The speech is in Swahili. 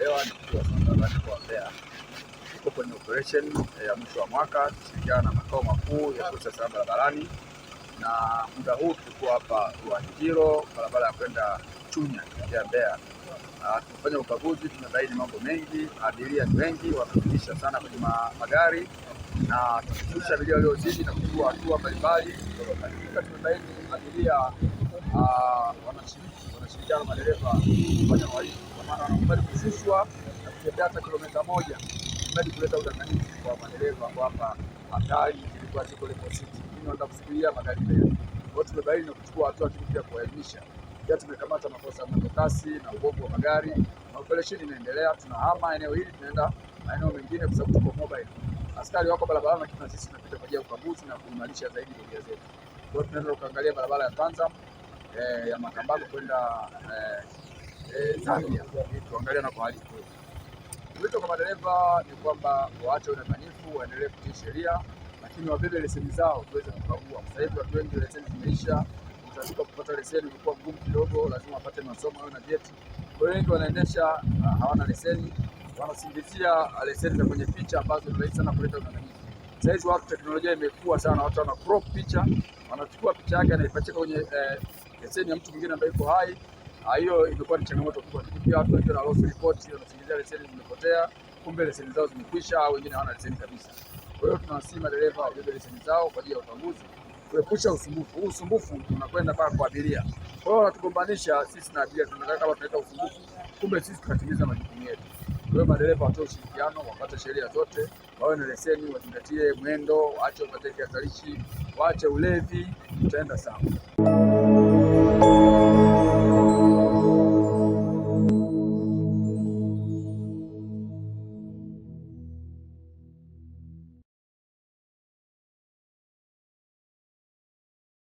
Leo nikiwa kwa Mbeya, tuko kwenye operation eh, ya mwisho wa mwaka tushirikiana na makao makuu ya Kursa Salama Barabarani, na muda huu tulikuwa hapa Ruangiro, barabara ya kwenda Chunya kuelekea Mbeya. Tumefanya ukaguzi, tumebaini mambo mengi. Abiria ni wengi, wamezidisha sana kwenye magari, na tukishusha abiria waliozidi na kuchukua hatua mbalimbali. Tumebaini abiria ah, wanashirikiana madereva kufanya uhalifu umbali kushushwa na kutembea hata kilomita moja ili kuleta udanganyifu kwa madereva kwamba hatari zilikuwa ziko level six, wanataka kusubiria magari mbele. Kwa hiyo tumebaini na kuchukua hatua ya kuainisha. Pia tumekamata makosa ya mwendokasi na ubovu wa magari, na operesheni inaendelea. Tunahama eneo hili tunaenda maeneo mengine, kwa sababu tuko mobile, askari wako barabarani, lakini sisi tunapita kwa ajili ya ukaguzi na kuimarisha zaidi doria zetu. Kwa hiyo tunaenda kuangalia barabara ya kwanza eh, ya Makambako kwenda eh, Zambia, tuangalie na kwa hali Wito kwa madereva ni kwamba waache udanganyifu, waendelee kutii sheria, lakini wabebe leseni zao tuweze kukagua. Sasa hivi watu wengi leseni zimeisha, mtazuka kupata leseni ulikuwa mgumu kidogo, lazima wapate masomo au na vyeti. Kwa hiyo wengi wanaendesha ah, hawana leseni, wanasingizia leseni za kwenye picha ambazo ni rahisi sana kuleta udanganyifu. Sasa hizi watu, teknolojia imekuwa sana, watu wana crop picha, wanachukua picha yake anaipachika kwenye eh, leseni ya mtu mwingine ambaye yuko hai hiyo imekuwa ni changamoto kubwa, tukifikia watu wakiwa na loss report, wanasingizia leseni zimepotea, kumbe leseni zao zimekwisha, au wengine hawana leseni kabisa. Kwa hiyo tunawasihi madereva wabebe leseni zao kwa ajili ya utambuzi, kuepusha usumbufu. Huu usumbufu unakwenda mpaka kwa abiria, kwa hiyo wanatugombanisha sisi na abiria, tunataka kama tunaleta usumbufu, kumbe sisi tunatimiza majukumu yetu. Kwa hiyo madereva watoe ushirikiano, wapate sheria zote, wawe na leseni, wazingatie mwendo, waache mateke hatarishi, waache ulevi, utaenda sawa.